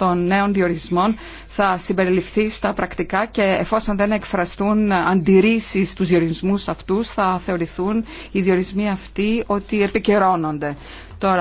των νέων διορισμών θα συμπεριληφθεί στα πρακτικά και εφόσον δεν εκφραστούν αντιρρήσει στους διορισμούς αυτούς θα θεωρηθούν οι διορισμοί αυτοί ότι επικαιρώνονται.